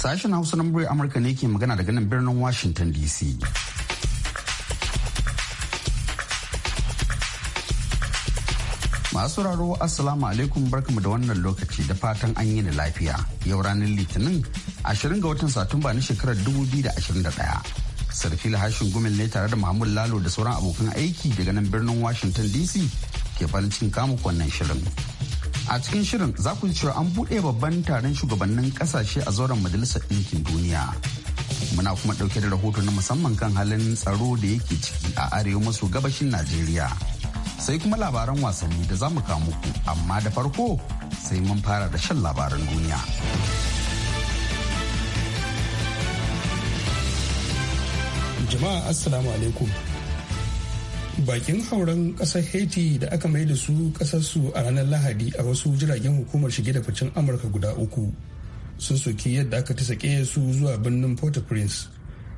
Sashen Hausa na muryar Amurka ne ke magana daga nan birnin Washington DC. Masu sauraro Assalamu alaikum barkamu da wannan lokaci da fatan an yi da lafiya. Yau ranar Litinin 20 ga watan Satumba na shekarar 2021. sarki hashin gumel ne tare da mahmud lalo da sauran abokan aiki daga nan birnin washington dc ke farin cikin kamu wannan shirin a cikin shirin za ku ji cewa an buɗe babban taron shugabannin ƙasashe a zauren majalisar ɗinkin duniya muna kuma ɗauke da rahoto na musamman kan halin tsaro da yake ciki a arewa maso gabashin najeriya sai kuma labaran wasanni da za mu ku muku amma da farko sai mun fara da shan labaran duniya jama'a assalamu alaikum bakin hauren kasar haiti da aka mai da su kasarsu a ranar lahadi a wasu jiragen hukumar shige da ficen amurka guda uku sun soki yadda aka ta sake su zuwa birnin port-au-prince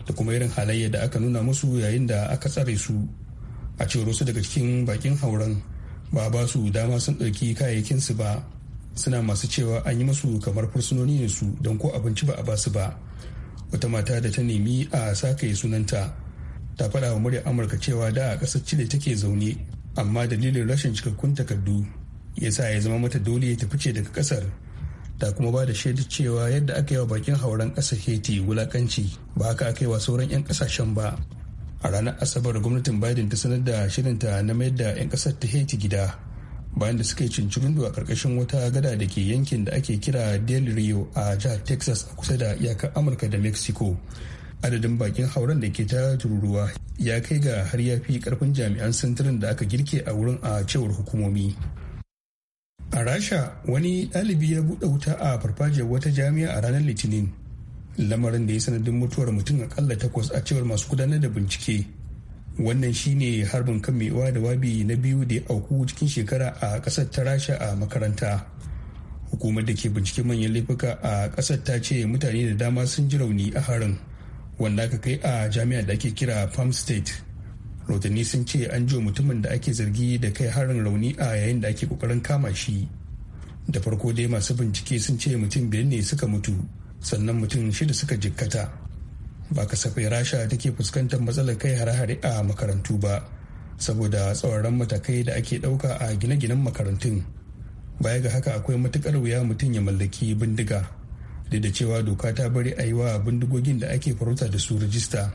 da kuma irin halayya da aka nuna musu yayin da aka tsare su a cewar wasu daga cikin bakin hauren ba ba su dama sun ɗauki kayayyakin su ba suna masu cewa an yi musu kamar fursunoni ne su don ko abinci ba a basu ba wata mata da ta nemi a sakaye sunanta ta faɗa wa muryar amurka cewa da a ƙasar chile take zaune amma dalilin rashin cikakkun takardu ya sa ya zama mata dole ta fice daga ƙasar ta kuma ba da shaidar cewa yadda aka yi wa bakin hauren ƙasar haiti wulakanci ba haka aka yi wa sauran 'yan ƙasashen ba a ranar asabar gwamnatin biden ta sanar da shirinta na mayar da 'yan ƙasar ta haiti gida bayan da suka yi cincirin a ƙarƙashin wata gada da ke yankin da ake kira del rio a jihar texas a kusa da iyakar amurka da mexico adadin bakin hauren da ke ta tururuwa ya kai ga har ya fi karfin jami'an sintirin da aka girke a wurin a cewar hukumomi a rasha wani ɗalibi ya buɗe wuta a farfajiyar wata jami'a a ranar litinin lamarin da ya sanadin mutuwar mutum akalla takwas a cewar masu gudanar da bincike wannan shine harbin kan mai da wabi na biyu da ya auku cikin shekara a ƙasar ta rasha a makaranta hukumar da ke bincike manyan laifuka a ƙasar ta ce mutane da dama sun ji rauni a harin wanda aka kai a jami'a da ake kira palm state rotanni sun ce an jiwa mutumin da ake zargi da kai harin rauni a yayin da ake kokarin kama shi da farko dai masu bincike sun ce mutum biyar ne suka mutu sannan mutum shida suka jikkata ba kasafai rasha take fuskantar matsalar kai hare-hare a makarantu ba saboda tsauraran matakai da ake ɗauka a gine-ginen makarantun baya ga haka akwai matukar wuya mutum ya mallaki bindiga da da cewa doka ta bari a yi wa bindigogin da ake farauta da su rajista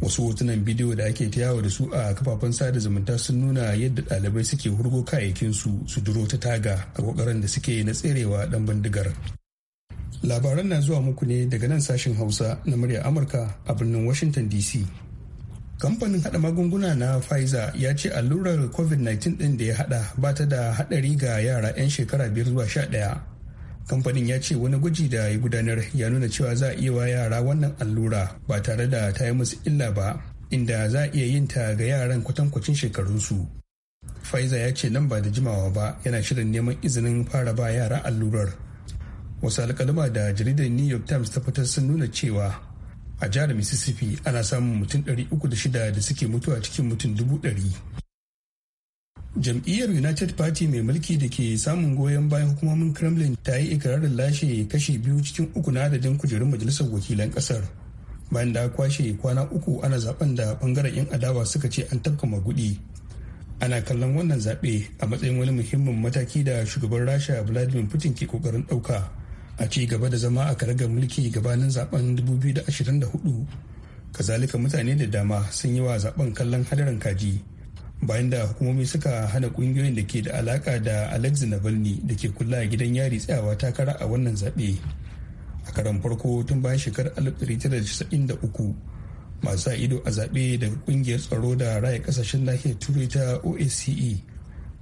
wasu hotunan bidiyo da ake ta yawo da su a kafafen sada zumunta sun nuna yadda ɗalibai suke hurgo kayayyakinsu su duro ta taga a kokarin da suke na tserewa dan bindigar labaran na zuwa muku ne daga nan sashen hausa na murya amurka a birnin washington dc kamfanin hada magunguna na pfizer ya ce allurar covid-19 ɗin da ya hada ba ta da haɗari ga yara 'yan shekara biyar zuwa sha ɗaya. kamfanin ya ce wani gwaji da ya gudanar ya nuna cewa za a iya wa yara wannan allura ba tare da ta yi musu illa ba inda za a iya yin ta ga yaran kwatankwacin shekarunsu Pfizer ya ce nan ba da jimawa ba yana shirin neman izinin fara ba yara allurar. Wasu alkaluma da jaridar New York Times ta fitar sun nuna cewa a jihar Mississippi ana samun mutum 306 da suke mutuwa cikin mutum 100 jam'iyyar united party mai mulki da ke samun goyon bayan hukumomin kremlin ta yi ikirarin lashe kashe biyu cikin uku na adadin kujerun majalisar wakilan kasar bayan da kwashe kwana uku ana zaben da bangaren yan adawa suka ce an tabka magudi ana kallon wannan zaɓe a matsayin wani muhimmin mataki da shugaban rasha vladimir putin ke kokarin ɗauka a ci gaba da zama a karagar mulki gabanin zaben 2024 kazalika mutane da dama sun yi wa zaben kallon hadarin kaji bayan da hukumomi suka hana kungiyoyin da ke da alaka da alexi navalny da ke kula a gidan yari tsayawa takara a wannan zaɓe a karan farko tun bayan shekarar 1993 masu ido a zaɓe daga kungiyar tsaro da raya kasashen nahiyar turai ta oace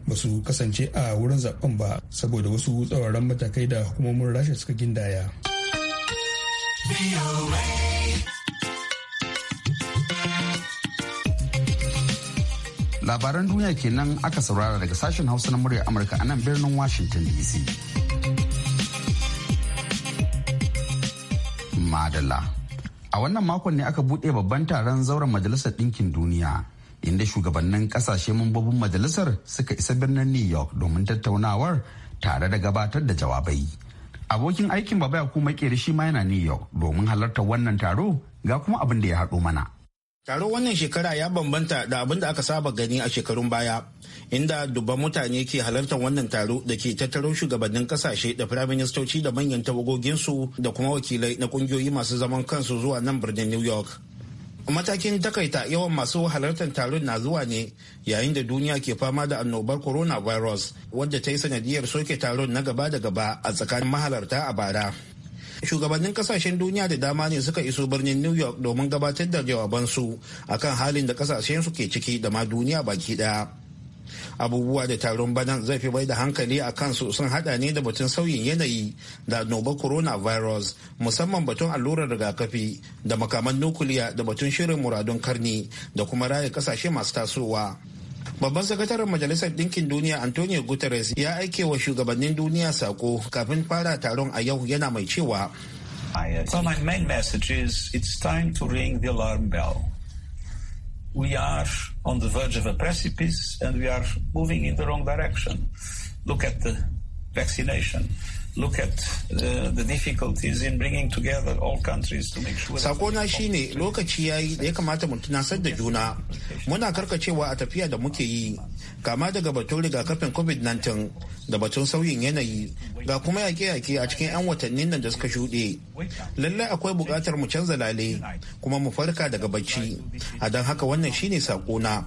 ba su kasance a wurin zaben ba saboda wasu tsawaran matakai da hukumomin rasha suka gindaya. labaran duniya kenan aka saurara daga sashen hausa na muryar amurka a nan birnin washington dc madala a wannan makon ne aka buɗe babban taron zauren majalisar ɗinkin duniya inda shugabannin ƙasashe mambobin majalisar suka isa birnin new york domin tattaunawar tare da gabatar da jawabai abokin aikin baba ya kuma shi ma yana new york domin halartar wannan taro ga kuma abin da ya haɗo mana taro wannan shekara ya bambanta da abin da aka saba gani a shekarun baya, inda dubban mutane ke halartar wannan taro da ke tattaro shugabannin kasashe da firaministoci da manyan tawagoginsu da kuma wakilai na kungiyoyi masu zaman kansu zuwa nan birnin New York. Matakin takaita yawan masu halartar taron na zuwa ne yayin da duniya ke fama da annobar coronavirus wadda ta yi sanadiyar soke taron na gaba da gaba a tsakanin mahalarta a bara. shugabannin kasashen duniya da dama ne suka iso birnin new york domin gabatar da jawabansu akan halin da kasashen su ke ciki da ma duniya baki daya abubuwa da taron banan zai fi bai da hankali a kansu sun hada ne da batun sauyin yanayi da annobar coronavirus musamman batun allurar rigakafi da makaman nukuliya da batun shirin muradun karni da kuma raya kasashe masu tasowa Babban sakataren Majalisar Ɗinkin Duniya Antonio Guterres ya aike wa shugabannin duniya sako kafin fara taron a yau yana mai cewa. So my main message is it's time to ring the alarm bell. We are on the verge of a precipice and we are moving in the wrong direction. Look at the vaccination. Sakona shi ne lokaci ya yi da ya kamata mu tunasar da juna. Muna karkacewa a tafiya da muke yi, kama daga batun rigakafin COVID-19 da batun sauyin yanayi ga kuma yaƙe-yaƙe a cikin 'yan watannin nan da suka shuɗe. Lallai akwai buƙatar mu canza lale kuma mu farka daga bacci. A don haka wannan shine sakona.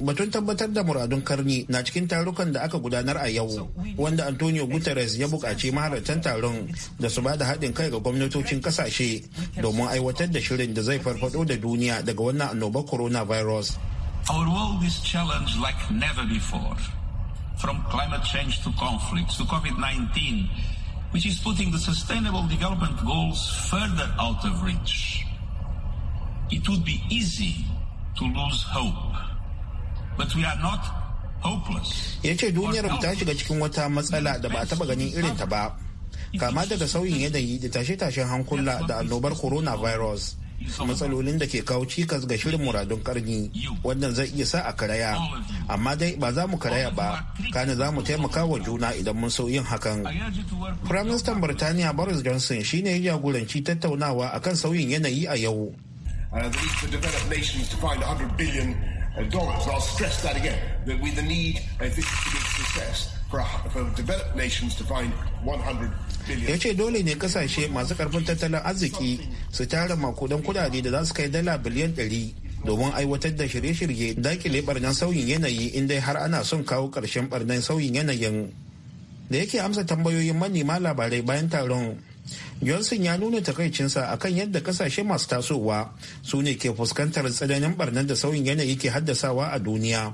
Batun tabbatar da muradun karni na cikin tarukan da aka gudanar a yau, wanda Antonio Guterres ya buƙaci mahalartan taron da su bada haɗin kai ga gwamnatocin ƙasashe domin aiwatar da shirin da zai farfado da duniya daga wannan coronavirus. Our world is challenged like never before. From climate change to conflicts to COVID-19, which is putting the sustainable development goals further out of reach. It would be easy to lose hope. but we are not hopeless. Ya ce duniyar ta shiga cikin wata matsala da ba a taba ganin irin ta ba. Kama daga sauyin yanayi da tashe-tashen hankula da annobar coronavirus. matsalolin da ke kawo cikas ga shirin muradun karni wannan zai iya sa a karaya amma dai ba za mu karaya ba kana za mu taimaka wa juna idan mun so yin hakan prime minister birtaniya boris johnson shine ya jagoranci tattaunawa akan sauyin yanayi a yau dollars. I'll stress that again, that we the need, a uh, this to be success, for, for developed nations to find 100 Ya ce dole ne kasashe masu karfin tattalin arziki su tara makudan kudade da za su kai dala biliyan 100 domin aiwatar da shirye-shirye dakile barnan sauyin yanayi inda har ana son kawo karshen barnan sauyin yanayin. Da yake amsa tambayoyin manema labarai bayan taron johnson ya nuna takaicinsa akan yadda kasashe masu tasowa su ne ke fuskantar tsananin barnar da sauyin yanayi ke haddasawa a duniya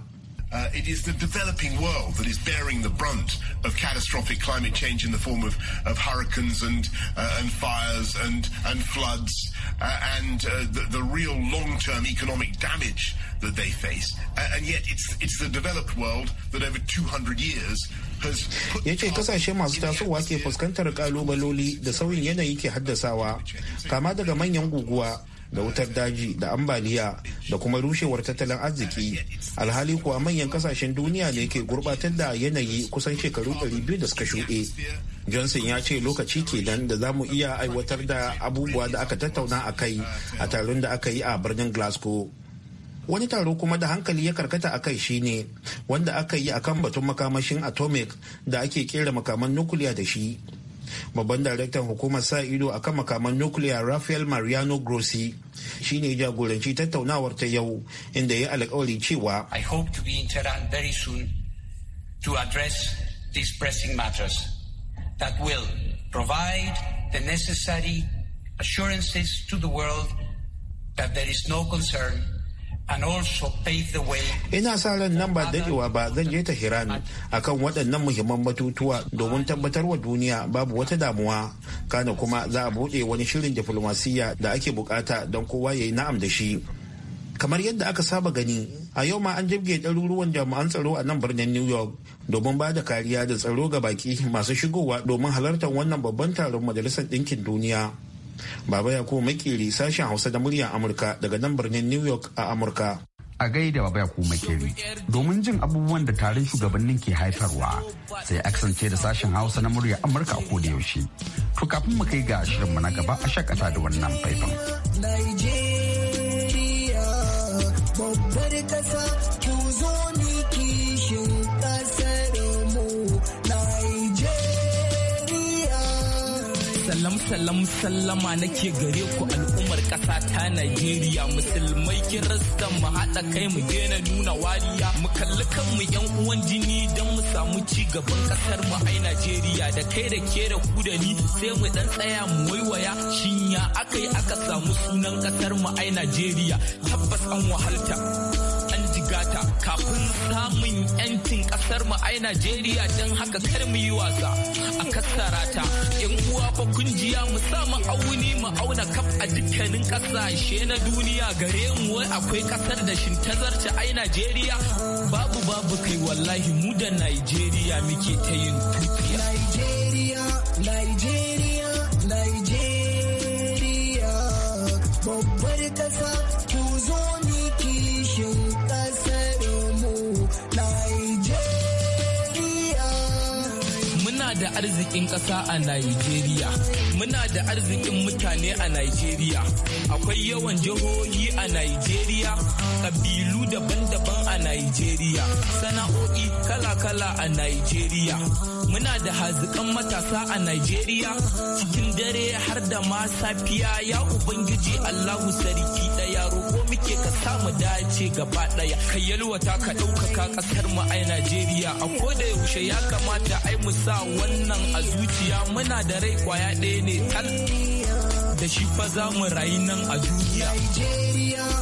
Uh, it is the developing world that is bearing the brunt of catastrophic climate change in the form of, of hurricanes and uh, and fires and and floods uh, and uh, the, the, real long-term economic damage that they face. Uh, and yet, it's it's the developed world that over 200 years ya ce kasashe masu tasowa ke fuskantar kalubaloli da sauyin yanayi ke haddasawa kama daga manyan guguwa da wutar daji da ambaliya da kuma rushewar tattalin arziki alhali kuwa manyan kasashen duniya ne ke gurbatar da yanayi kusan shekaru 200 da suka shuɗe johnson ya ce lokaci kenan da za mu iya aiwatar da abubuwa da aka tattauna a kai a taron da aka yi a birnin glasgow wani taro kuma da hankali ya karkata a kai shi ne wanda aka yi akan batun makamashin atomic da ake kera makaman nukuliya da shi babban daraktan hukumar sa ido a kan makaman nukuliya rafael mariano grossi shi ne jagoranci tattaunawar ta yau inda ya alkawari cewa i hope to be in tehran very soon to address these pressing matters that will provide the necessary assurances to the world that there is no concern Ina sa ran nan ba dadewa ba zan je Tehran akan waɗannan muhimman batutuwa domin tabbatar wa duniya babu wata damuwa. Kana kuma za a buɗe wani shirin diflomasiyya da ake bukata don kowa ya yi na'am da shi. kamar yadda aka saba gani a yau ma an jibge ɗaruruwan jami'an tsaro a nan birnin new york domin ba da kariya da tsaro ga baki masu shigowa domin halartar wannan babban taron majalisar ɗinkin duniya Baba Yakubu Makeri sashen Hausa da muryar Amurka daga nan birnin New York a Amurka. A gaida Baba Yakubu Makeri domin jin abubuwan da tarin shugabannin ke haifarwa sai a kasance da sashen Hausa na muryar Amurka a koda yaushe. To kafin mu kai ga shirinmu na gaba a shakata da wannan faifan. salam sallama nake gare ku al'ummar ƙasa ta Najeriya musulmai kin rasta mu haɗa kai mu daina nuna wariya mu kalli kan mu yan uwan jini don mu samu ci gaban ƙasar mu ai Najeriya da kai da ke da ku da ni sai mu dan tsaya mu waiwaya Shin shinya akai aka samu sunan ƙasar mu ai Najeriya tabbas an wahalta Kun samun yancin kasar mu ai Najeriya don haka kar mu yi wasa a kassara ta yan uwa fa kun jiya mu sa mu auni mu auna kaf a dukkanin kasashe na duniya gare mu wai akwai kasar da shintazarta ai Najeriya babu babu kai wallahi mu da Najeriya muke ta yin tufiya Najeriya Najeriya Najeriya babbar kasa arzikin ƙasa a Najeriya. Muna da arzikin mutane a Najeriya. Akwai yawan jihohi a Najeriya, ƙabilu daban-daban a Najeriya, sana'o'i kala-kala a Najeriya. Muna da hazikan matasa a Najeriya, cikin dare har da ma safiya ya Ubangiji Allahu Sarki ɗaya roƙo. ke ka samu dace gaba daya ka yalwata ka ɗaukaka ƙasar mu a Najeriya a ko da yaushe ya kamata ai mu sa wannan a zuciya muna da rai kwaya ɗaya ne tal da shi fa za mu rayu nan a duniya.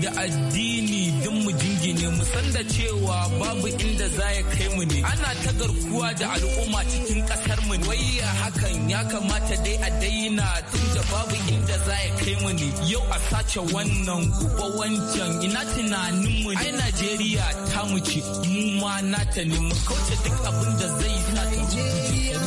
da addini don mu jingine mu san da cewa babu inda za ya kai mu ne ana ta garkuwa da al'umma cikin kasar mu wai hakan ya kamata dai a daina tun da babu inda za ya kai mu ne yau a sace wannan gobe wancan ina tunanin mu ai Najeriya ta mu ce mu ma nata ne mu kauce duk abin da zai sa ta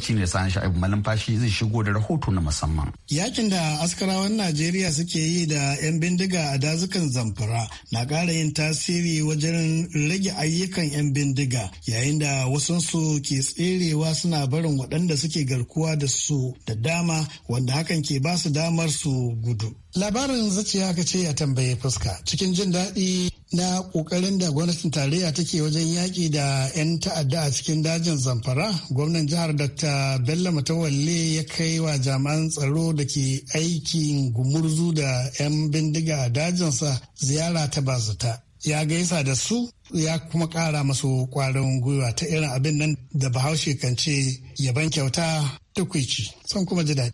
lokaci ne sani sha'ibu malumfashi zai shigo da rahoto na musamman. Yakin da askarawan Najeriya suke yi da 'yan bindiga a dazukan zamfara na ƙara yin tasiri wajen rage ayyukan 'yan bindiga yayin da wasansu ke tserewa suna barin waɗanda suke garkuwa da su da dama wanda hakan ke ba su damar su gudu. labarin zaciya ka ce ya tambaye fuska cikin jin daɗi na ƙoƙarin da gwamnatin tarayya take wajen yaƙi da 'yan ta'adda a cikin dajin zamfara gwamnan jihar dr bello matawalle ya kai wa jami'an tsaro da ke aikin gumurzu da 'yan bindiga a dajinsa ziyara ta bazuta ya gaisa da su ya kuma ƙara masu ƙwarin gwiwa ta irin abin nan da bahaushe kan ce yaban kyauta tukwici son kuma ji daɗi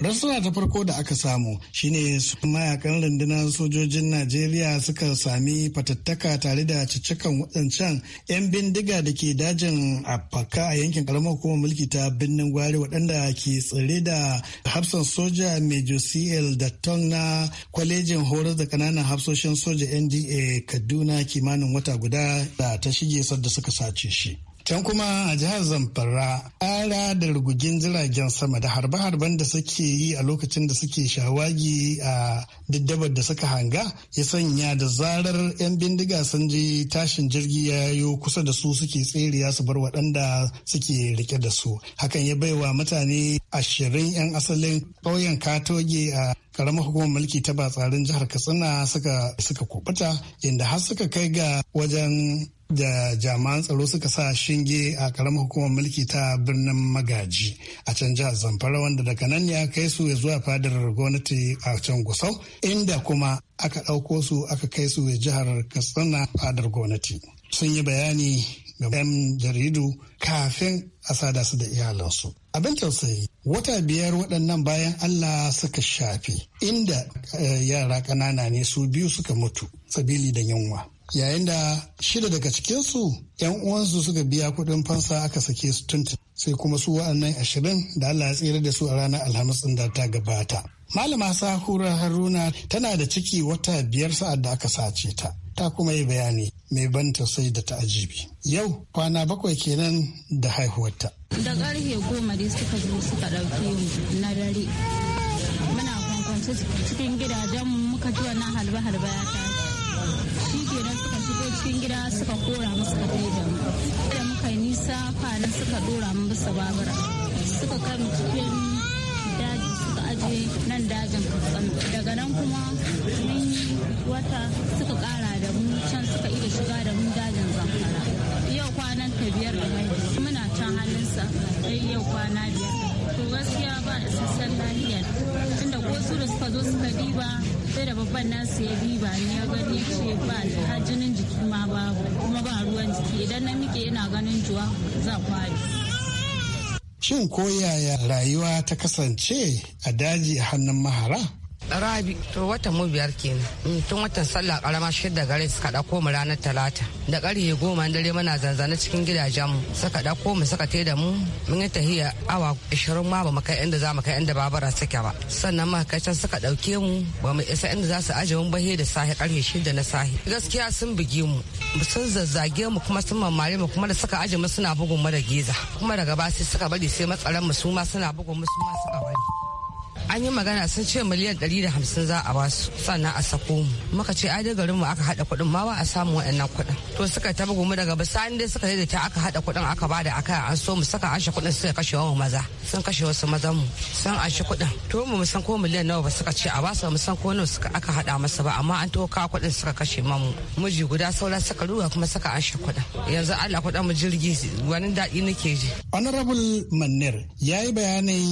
Rasuwa ta farko da aka samu shine mayakan rundunar sojojin Najeriya suka sami fatattaka tare da cicikan wadancan 'yan bindiga da ke dajin afaka a yankin karamar kuma mulki ta birnin gwari waɗanda ke tsare da hafsan soja mejo CL da ton na kwalejin horar da kananan hafsoshin soja NDA Kaduna kimanin wata guda da ta shige sadda suka sace shi. Can kuma a jihar Zamfara ara da rugugin jiragen sama da harbe-harben da suke yi a lokacin da suke shawagi a diddabar da suka hanga ya sanya da zarar 'yan bindiga sun je tashin jirgi ya yo kusa da su suke tseriya su bar waɗanda suke rike da su. Hakan ya baiwa mutane ashirin 'yan asalin ƙauyen Katoge a karamar hukumar mulki ta tsarin jihar Katsina suka suka kubuta inda har suka kai ga wajen da jami'an tsaro suka sa shinge a karamar hukumar mulki ta birnin magaji a can jihar zamfara wanda daga nan ya kai su ya zuwa fadar gwamnati a can gusau inda kuma aka ɗauko su aka kai su ya jihar katsina fadar gwamnati sun yi bayani ga 'yan jaridu kafin a sada su da iyalansu abin tausayi wata biyar waɗannan bayan allah suka shafe inda eh, yara ƙanana ne su biyu suka mutu sabili da yunwa yayin da shida daga cikinsu 'yan uwansu suka biya kuɗin fansa aka sake su tuntun sai kuma su wa'annan ashirin da Allah ya tsere da su a ranar alhamis ɗin da ta gabata. Malama Sahura Haruna tana da ciki wata biyar sa'ad da aka sace ta. Ta kuma yi bayani mai ban sai da ta ajibi. Yau kwana bakwai kenan da haihuwarta. Da ƙarfe goma dai suka zo suka ɗauke mu na dare. Muna kwankwance cikin gidajen muka ji wannan halba halba ya tashi. shi kenan suka shigo cikin gida suka kora mu suka da mu da muka nisa kwanan suka dora mu bisa babura suka kai mu cikin daji suka aje nan dajin katsina daga nan kuma mun wata suka kara da mu can suka iya shiga da mu dajin zamfara yau kwanan ta biyar da mai muna can hannunsa dai yau kwana biyar to gaskiya ba da sassan lafiya tunda ko su da suka zo suka diba sai da babban nasu ya diba ni ya gani ya ce ba a jinin jiki ma babu kuma ba ruwan jiki idan na mike yana ganin juwa za kwari Shin ko yaya rayuwa ta kasance a daji a hannun mahara? rabi to watan mu biyar kenan mm, tun watan sallah karama da gare suka dauko mu ranar talata da karye goma dare muna zanzana cikin gidajen mu suka dauko mu suka da mu mun yi tahiya awa 20 ma ba mu kai inda za mu kai inda babara suke ba sannan ma kai can suka dauke mu ba mu isa inda za su aje mun bahe da sahi karye shida na sahi gaskiya sun bugi mu sun zazzage mu kuma sun mamare mu kuma da suka aje mu suna bugun mu da giza kuma daga ba sai suka bari sai matsaran mu su ma suna bugun mu su ma suka bari an yi magana sun ce miliyan 150 za a basu sannan a sako mu muka ce ai garin mu aka hada kuɗin ma ba a samu waɗannan kuɗin to suka taba mu daga bisani dai suka daidaita aka hada kuɗin aka bada aka an so mu saka an kuɗin suka kashe wa maza sun kashe wasu mazan mu sun an shi kuɗin to mu san ko miliyan nawa ba suka ce a basu mu san ko nawa suka aka hada masa ba amma an to kuɗin suka kashe mu miji guda saura suka ruwa kuma saka an kuɗin yanzu Allah kuɗin mu jirgi wani daɗi nake ji honorable manner yayi bayanin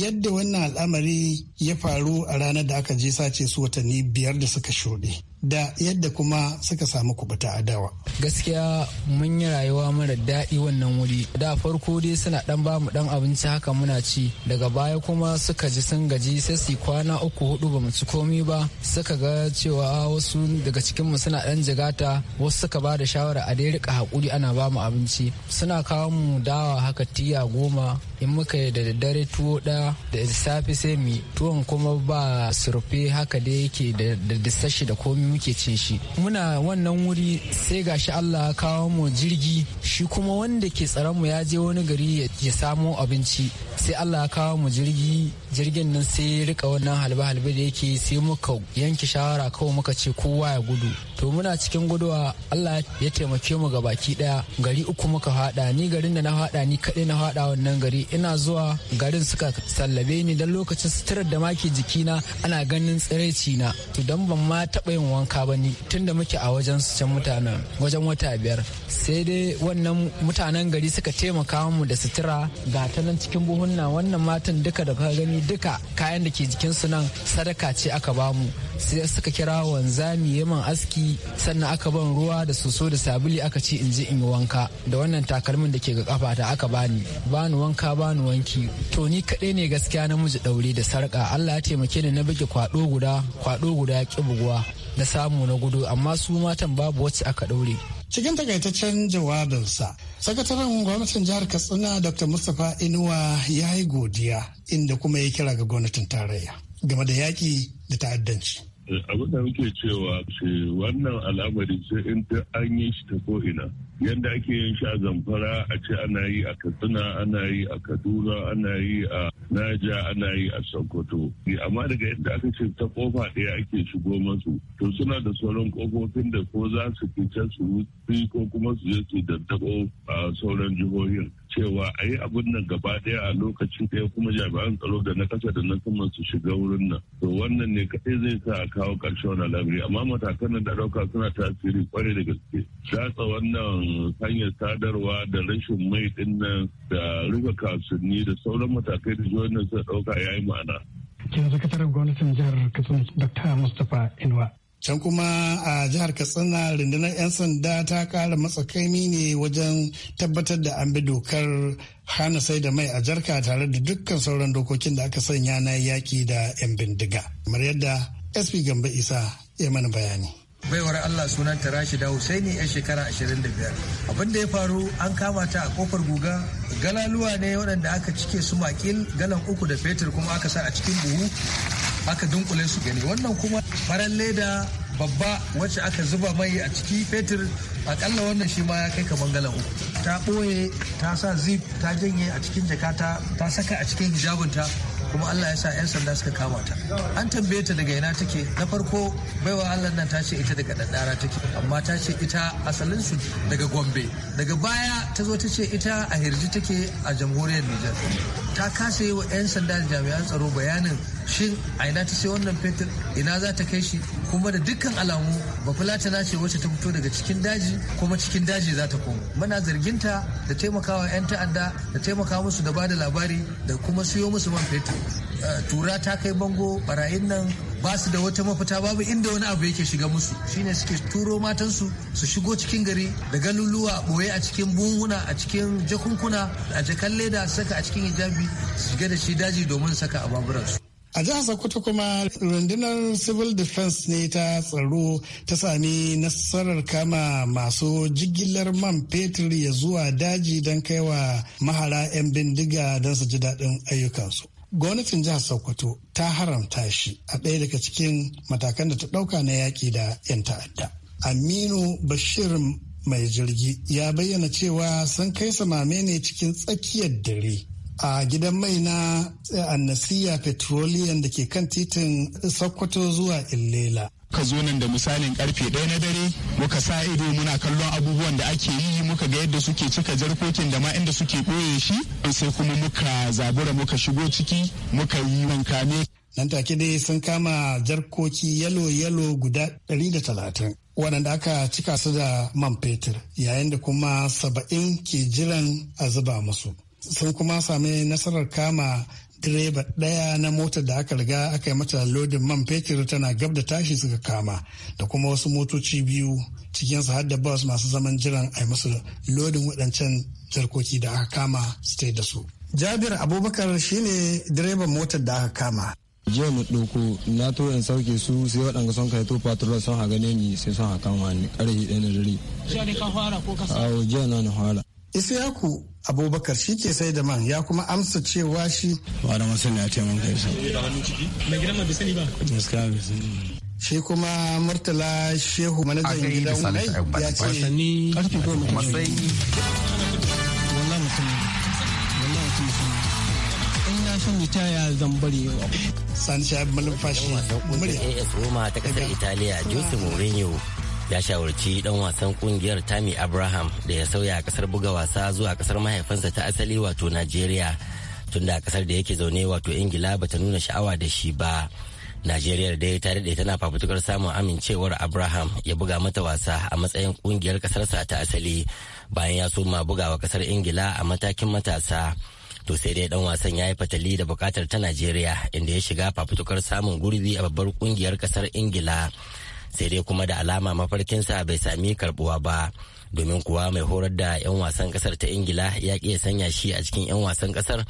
yadda wannan al'amari ya faru a ranar da aka je sace su watanni biyar da suka shuɗe da yadda kuma suka samu kubuta a dawa. Gaskiya mun yi rayuwa mara daɗi wannan wuri. Da farko dai suna ɗan ba mu ɗan abinci haka muna ci. Daga baya kuma suka ji sun gaji sai su kwana uku hudu ba mu ci komi ba. Suka ga cewa wasu daga cikin mu suna ɗan jigata wasu suka ba da shawara a dai rika haƙuri ana ba mu abinci. Suna kawo mu dawa haka tiya goma in muka yi da daddare tuwo ɗaya da safe sai mu tuwon kuma ba surfe haka da yake da disashi da komi muke ci shi muna wannan wuri sai gashi Allah ya kawo mu jirgi shi kuma wanda ke tsaron mu ya je wani gari ya samo abinci sai Allah ya kawo mu jirgi jirgin nan sai ya rika wannan halbe-halbe da yake sai muka yanke shawara kawai muka ce kowa ya gudu to muna cikin guduwa Allah ya taimake mu ga baki daya gari uku muka hada ni garin da na hada ni kaɗai na hada wannan gari ina zuwa garin suka sallabe ni dan lokacin suturar da make jikina ana ganin tsiraici na to dan ban ma taba yin wanka ba ni tunda muke a wajen su can mutanen wajen wata biyar sai dai wannan mutanen gari suka taimaka mu da sutura ga ta nan cikin buhu hunna wannan matan duka da ka gani duka kayan da ke jikinsu nan sadaka ce aka bamu sai suka kira wanzami yaman aski sannan aka ban ruwa da soso da sabuli aka ce in je in yi wanka da wannan takalmin da ke ga kafata aka bani bani wanka bani wanki to ni kaɗai ne gaskiya namiji ɗaure da sarka Allah ya taimake ni na buge kwaɗo guda kwaɗo guda ya ƙi na samu na gudu amma su matan babu wacce aka ɗaure Cikin takaitaccen jawabinsa, sakataren gwamnatin jihar Katsina Dr. Mustapha Inuwa ya yi godiya inda kuma ya kira ga gwamnatin tarayya game da yaƙi da ta'addanci. Eh, abin da muke cewa sai wannan al'amari sai in an yi shi ta ko'ina. yadda ake yin shi a zamfara a ce ana yi a katsina ana yi a kaduna ana yi a naja ana yi a sokoto amma daga yadda aka ce ta kofa ɗaya ake shigo masu to suna da sauran kofofin da ko za su fice su ko kuma su je su daddabo a sauran jihohin cewa a yi abin nan gaba daya a lokacin ɗaya kuma jami'an tsaro da na kasa da na sama su shiga wurin nan to wannan ne kaɗai zai sa a kawo ƙarshen wannan lamari amma matakan nan da ɗauka suna tasiri kwarai da gaske Satsa wannan hanyar sadarwa da rashin mai ɗin da rufe kasuwanni da sauran matakai da jihohin nan suka ɗauka ya yi ma'ana. Yanzu tara gwamnatin jihar Katsina Dr. Mustapha Inuwa can kuma a jihar katsina rundunar 'yan sanda ta kara matsakaimi ne wajen tabbatar da an bi dokar hana sai da mai a jarka tare da dukkan sauran dokokin da aka sanya na yaki da 'yan bindiga kamar yadda sp gamba isa ya mana bayani baiwar allah ta rashida husaini yan shekara 25 abin da ya faru an kama ta a kofar guga galaluwa ne waɗanda aka cike su makil galan uku da fetur kuma aka sa a cikin buhu aka dunkule su gani wannan kuma farar leda babba wacce aka zuba mai a ciki fetur akalla wannan shi ma ya kai kaman galan uku ta ɓoye ta sa zip ta janye a cikin jakata ta saka a cikin hijabinta kuma Allah ya sa 'yan sanda suka kama ta an tambaye ta daga ina take na farko baiwa Allah nan ta ce ita daga daddara take amma ta ce ita asalin su daga Gombe daga baya ta zo ta ce ita a Hirji take a jamhuriyar Nijar ta kasa yi wa 'yan sanda jami'an tsaro bayanin shin a ina ta sai wannan fetur ina za ta kai shi kuma da dukkan alamu ba fulatana ce wacce ta fito daga cikin daji kuma cikin daji za ta koma muna zarginta da taimakawa 'yan ta'adda da taimaka musu da bada labari da kuma siyo musu man fetur eh, tura ta kai bango barayin nan ba su da wata mafita babu inda wani abu yake shiga musu shine suke turo matansu su shigo cikin gari da galuluwa boye a cikin bunguna a cikin jakunkuna a jakan leda saka a cikin hijabi su shiga da shi daji domin saka a baburansu A jihar Sokoto kuma rundunar Civil Defense ne ta tsaro ta sami nasarar kama masu jigilar man fetur ya zuwa daji don kaiwa mahara 'yan bindiga don su ji daɗin ayyukansu. Gwamnatin jihar Sokoto ta haramta shi a ɗaya daga cikin matakan da ta ɗauka na yaƙi da 'yan ta'adda. Aminu Bashir mai jirgi ya bayyana cewa sun kai samame ne cikin tsakiyar dare a gidan mai na eh, annasiya petroleum da ke kan titin sokoto zuwa illela muka zo nan da misalin karfe ɗaya na dare muka sa ido muna kallon abubuwan da ake yi muka ga yadda suke cika jarkokin da ma inda suke ɓoye shi sai kuma muka zabura muka shigo ciki muka yi ne. nan take dai sun kama jarkoki yalo yalo guda ɗari da talatin waɗanda aka cika su da man fetur yayin da kuma saba'in ke jiran a zuba musu sun kuma sami nasarar kama direba ɗaya na motar da aka riga aka yi mata lodin man fetur tana gab da tashi suka kama da kuma wasu motoci biyu cikin har da bus masu zaman jiran a yi musu lodin waɗancan jarkoki da aka kama su da su. Jabir Abubakar shine direban motar da aka kama. jiya mu ɗauko na to sauke su sai waɗanda son kai to patrol sun ha gane ni sai sun ha kama ni ƙarfi ɗaya na dare. Jiya ne ka fara ko ka sa? Awo jiya na na fara. Isiyaku Abubakar shi ke sai da man ya kuma amsa cewa shi. Ba da masani ya taimaka ya sani. Mai gidan ma bai ba. Gaskiya shi kuma murtala shehu manajan gidan mai ya ce wasanni masai wallah mutum wallah mutum in ya zan bari yau AS Roma ta kasar Italiya Jose Mourinho ya shawarci dan wasan kungiyar Tammy Abraham da ya sauya kasar buga wasa zuwa kasar mahaifinsa ta asali wato Najeriya tunda kasar da yake zaune wato Ingila bata nuna sha'awa da shi ba. Najeriya ya ta daɗe tana fafutukar samun amincewar Abraham ya buga mata wasa a matsayin kungiyar kasarsa ta asali bayan ya soma bugawa kasar Ingila a matakin matasa. To sai dai dan wasan ya yi fatali da bukatar ta Najeriya inda ya shiga fafutukar samun gurbi a babbar kungiyar kasar Ingila. sai dai kuma da alama mafarkinsa bai sami karbuwa ba domin kuwa mai horar da 'yan wasan kasar ta ingila ya ƙi sanya shi a cikin 'yan wasan kasar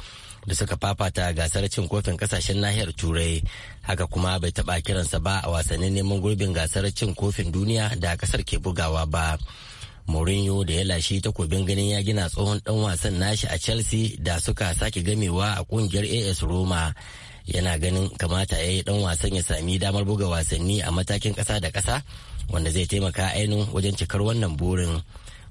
da suka fafata gasar cin kofin kasashen nahiyar turai haka kuma bai taɓa kiransa ba a wasannin neman gurbin gasar cin kofin duniya da kasar ke bugawa ba Mourinho da ya lashe takobin ganin ya gina tsohon dan wasan nashi a Chelsea da suka sake gamewa a kungiyar AS Roma yana ganin kamata ya yi dan wasan ya sami damar buga wasanni a matakin kasa da kasa wanda zai taimaka ainihin wajen cikar wannan burin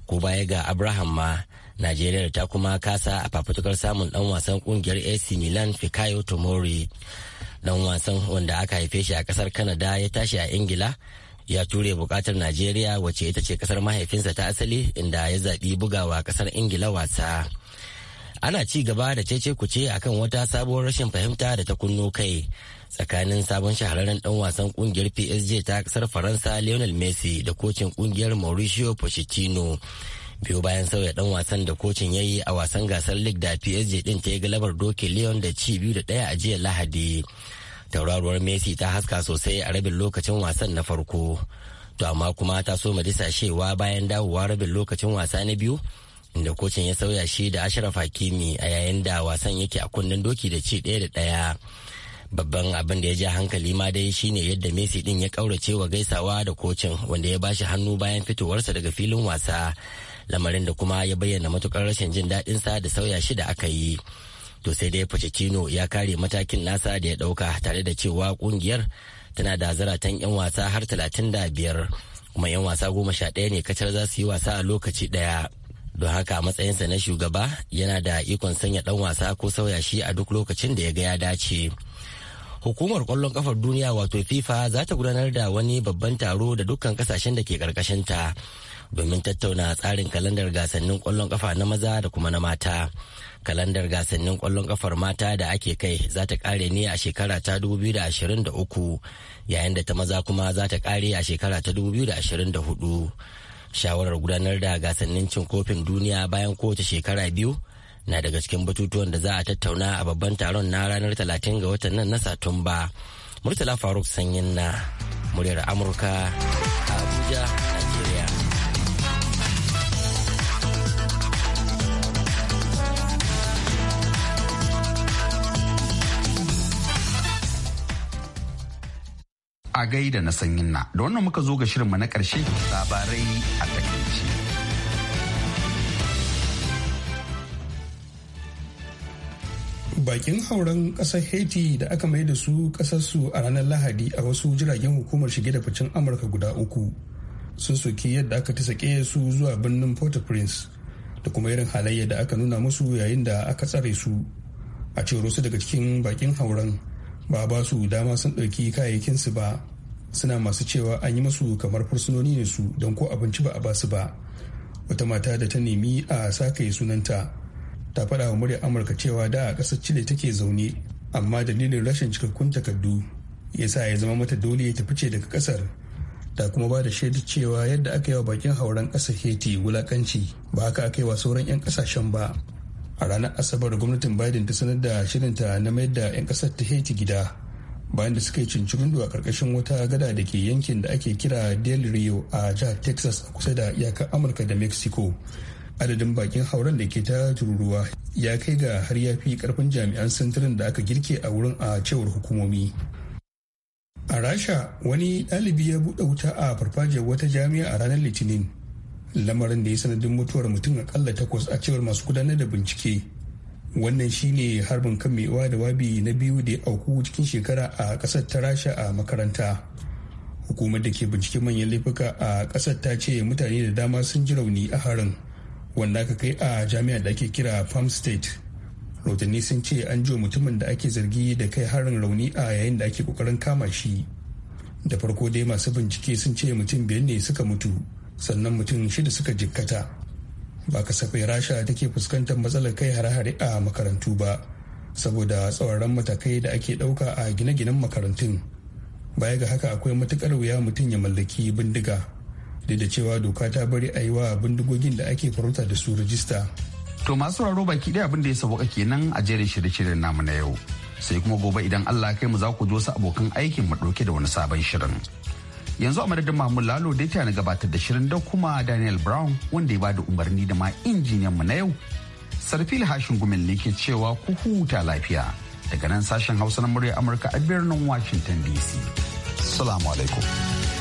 ko baya ga abraham ma najeriya ta kuma kasa a fafutukar samun dan wasan kungiyar ac milan fikayo tomori dan wasan wanda aka haife shi a kasar Kanada ya tashi a ingila ya ture bukatar najeriya wacce ita ce kasar mahaifinsa ta asali inda ya zaɓi bugawa kasar ingila wasa ana ci gaba da cece kuce akan wata sabuwar rashin fahimta da ta kunno kai tsakanin sabon shahararren dan wasan kungiyar PSG ta kasar Faransa Lionel Messi da kocin kungiyar Mauricio Pochettino biyu bayan sauya dan wasan da kocin ya yi a wasan gasar League da PSG din ta yi galabar doke Lyon da ci biyu da ɗaya a jiya Lahadi tauraruwar Messi ta haska sosai a rabin lokacin wasan na farko to amma kuma ta so madisa shewa bayan dawowa rabin lokacin wasa na biyu inda kocin ya sauya shi da ashraf hakimi a yayin da wasan yake a kunnen doki da ci ɗaya da ɗaya babban abin da ya ja hankali ma dai shine yadda messi din ya kaurace wa gaisawa da kocin wanda ya bashi hannu bayan fitowarsa daga filin wasa lamarin da kuma ya bayyana matukar rashin jin daɗin sa da sauya shi da aka yi to sai dai Pochettino ya kare matakin nasa da ya ɗauka, tare da cewa kungiyar tana da zaratan 'yan wasa har talatin da biyar, kuma 'yan wasa goma sha ɗaya ne kacar za su yi wasa a lokaci ɗaya. don haka a matsayinsa na shugaba yana da ikon sanya dan wasa ko sauya shi a duk lokacin da ya ga ya dace hukumar kwallon kafar duniya wato fifa za ta gudanar da wani babban taro da dukkan kasashen da ke ta domin tattauna tsarin kalandar gasannin kwallon kafa na maza da kuma na mata kalandar gasannin kwallon kafar mata da ake kai za ta kare ne a shekara ta 2023 yayin da ta maza kuma za ta kare a shekara ta 2024 shawarar gudanar da gasannin cin kofin duniya bayan kowace shekara biyu na daga cikin batutuwan da za a tattauna a babban taron na ranar 30 ga watan nan na satumba murtala faruk sanyin na muryar amurka abuja a gaida na sanyin na da wannan muka zo ga shirinmu na ƙarshe labarai a takaice. bakin hauren kasar haiti da aka mai da su kasarsu a ranar lahadi a wasu jiragen hukumar shige da ficen amurka guda uku sun soki yadda aka ta sake su zuwa birnin port-au-prince da kuma irin halayya da aka nuna musu yayin da aka tsare su a cewar wasu daga cikin bakin hauren ba ba su dama sun ɗauki kayayyakinsu ba suna masu cewa an yi masu kamar fursunoni ne su don ko abinci ba a ba su ba wata mata da ta nemi a sakaye sunanta ta faɗa wa muryar amurka cewa da a ƙasar chile take zaune amma dalilin rashin cikakkun takardu ya sa ya zama mata dole ta fice daga ƙasar ta kuma ba da shaidar cewa yadda aka yi wa bakin hauren ƙasar haiti wulakanci ba haka aka yi wa sauran 'yan ƙasashen ba a ranar asabar gwamnatin biden ta sanar da shirinta na mayar da 'yan kasar ta haiti gida bayan da suka yi cincirindo a karkashin wata gada da ke yankin da ake kira del rio a jihar texas a kusa da iyakar amurka da mexico adadin bakin hauren da ke ta tururuwa ya kai ga har ya fi karfin jami'an sintirin da aka girke a wurin a cewar hukumomi a rasha wani ɗalibi ya buɗe wuta a farfajiyar wata jami'a a ranar litinin lamarin da ya sanadin mutuwar mutum akalla takwas a cewar masu gudanar da bincike wannan shine harbin kan mai da wabi na biyu da ya auku cikin shekara a kasar ta rasha a makaranta hukumar da ke bincike manyan laifuka a kasar ta ce mutane da dama sun ji rauni a harin wanda aka kai a jami'a da ake kira farm state rahotanni sun ce an jiwa mutumin da ake zargi da kai harin rauni a yayin da ake kokarin kama shi da farko dai masu bincike sun ce mutum biyar ne suka mutu sannan mutum shida suka jikkata ba kasafai rasha take fuskantar matsalar kai hare-hare a makarantu ba saboda tsauraran matakai da ake ɗauka a gine-ginen makarantun baya ga haka akwai matukar wuya mutum ya mallaki bindiga duk da cewa doka ta bari a yi wa bindigogin da ake farauta da su rajista to masu raro baki ɗaya abin da ya sauka kenan a jerin shirye-shiryen namu na yau sai kuma gobe idan allah kai mu za ku ji wasu abokan aikin mu ɗauke da wani sabon shirin yanzu a madadin mahmud lalo da ta na gabatar da shirin da kuma daniel brown wanda ya bada umarni da ma injiniyanmu na yau sarfil hashin gumin ne ke cewa ku huta lafiya daga nan sashen hausa na murya amurka a birnin washington dc salamu alaikum